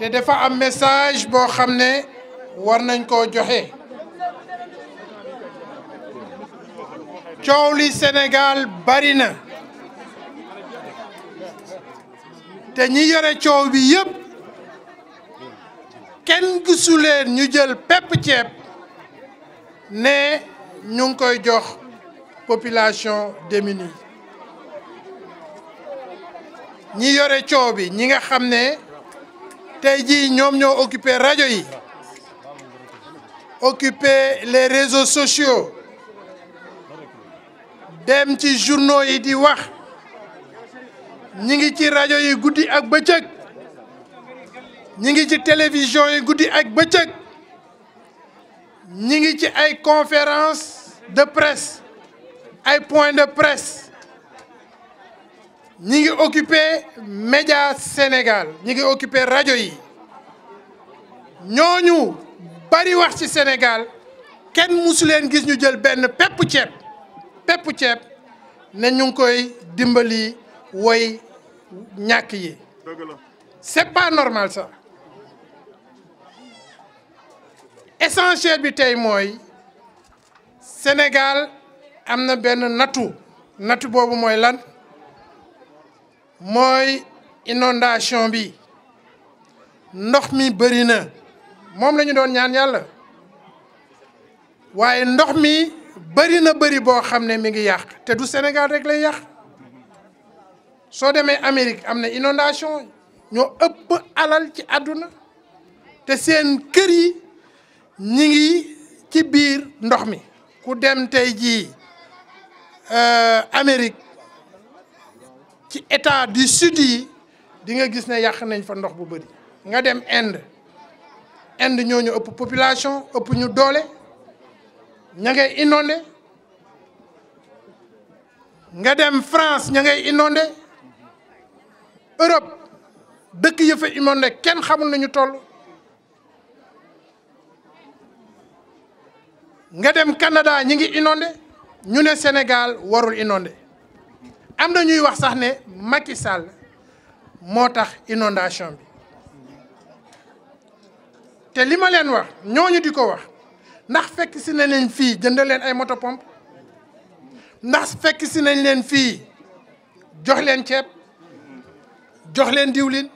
y dafa un message pour vous ne war nañ vous est li Sénégal bari le te ñi bi vous kenn ne population démunie ñi vous coow bi ñi vous tey nous ñoom occupé les réseaux sociaux dem journaux yi di wax ñi ngi ci radio yi télévision yi Goudi ak conférence de presse les point de presse nous ngi occupé média Sénégal nous ngi occupé radio. Nous avons bari Sénégal Nous musu leen jël pepp pepp ne Ce c'est pas normal ça essentiel bi tey Sénégal ait un mooy inondation bi ndox mi bëri na moom lañu doon ñaan yàlla waaye ndox mi bëri na bëri boo xam ne mi ngi yàq te du Sénégal rek lay yàq soo demee Amérique am na inondation ñoo ëpp alal ci àdduna te seen kër yi ñi ngi ci biir ndox mi ku dem tey jii euh, Amérique ci état di sud yi di nga gis ne yàq nañ fa ndox bu bëri nga dem Inde Inde ñooñu ëpp population ëpp ñu doole ña ngay inondé nga dem France ña ngay inondé Europe dëkk ya fa kenn xamul nañu toll nga dem Canada ñi ngi inondé ñu ne Sénégal warul inondé am na ñuy wax sax ne Macky sàll moo tax inondation bi te li ma leen wax ñooñu di ko wax ndax fekk si nañ leen fii jënd leen ay moto pompe ndax fekk si nañ leen fii jox leen ceeb jox leen diwlin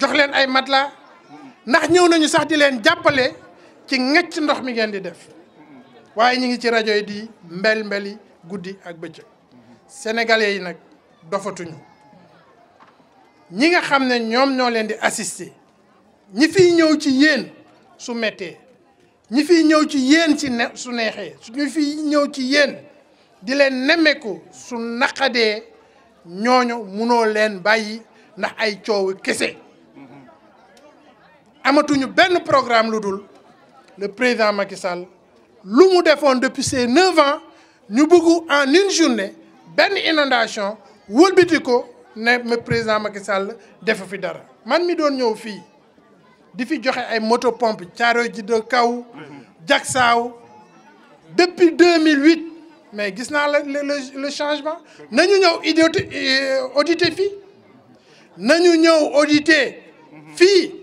jox leen ay matelas ndax ñëw nañu sax di leen jàppale ci ngecc ndox mi ngeen di def waaye ñu ngi ci rajo di mbel mbeli guddi ak bëj sénégalais yi sont ñi nga ne Ils là. di assister ñi fiy assisté. ci qui su mettee ñi fiy ñëw ci ils ci ne su ñi fiy qui ci di su ñoño ndax ay kese amatuñu programme lu le président Macky Sall lu mu depuis ses 9 ans Nous bëggu en une journée ben inondation wëlbati ko ne me président Macky Sall def fi dara man mi doon ñew fi di fi joxe ay moto pompe caaro ji de kaw jaksaaw depuis 2008 mais gis na la le changement nañu ñëw idoti euh, audité fi nañu ñew audité fi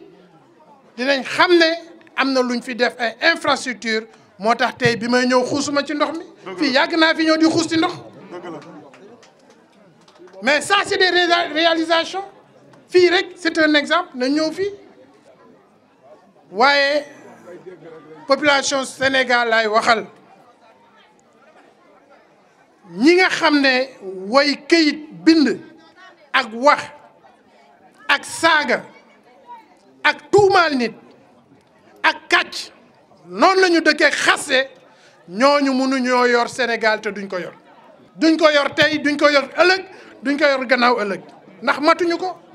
dinañ xamné amna luñ fi def ay infrastructure motax tay tey bi may ñëw xuusuma ci ndox mi fi yag na fi ñëw di xuus ci ndox mais ça c'est des réalisations fii rek c'est un exemple na ñëw population Sénégal lay waxal ñi nga xamné way keuyit bind ak wax ak saga ak tuumaal nit ak katch non lañu ñu dëkkee xase mënu ñoo yor Sénégal té duñ ko yor duñ ko yor tey duñ ko yor ëllëg duñ ko yor gannaaw ëllëg ndax matuñu ko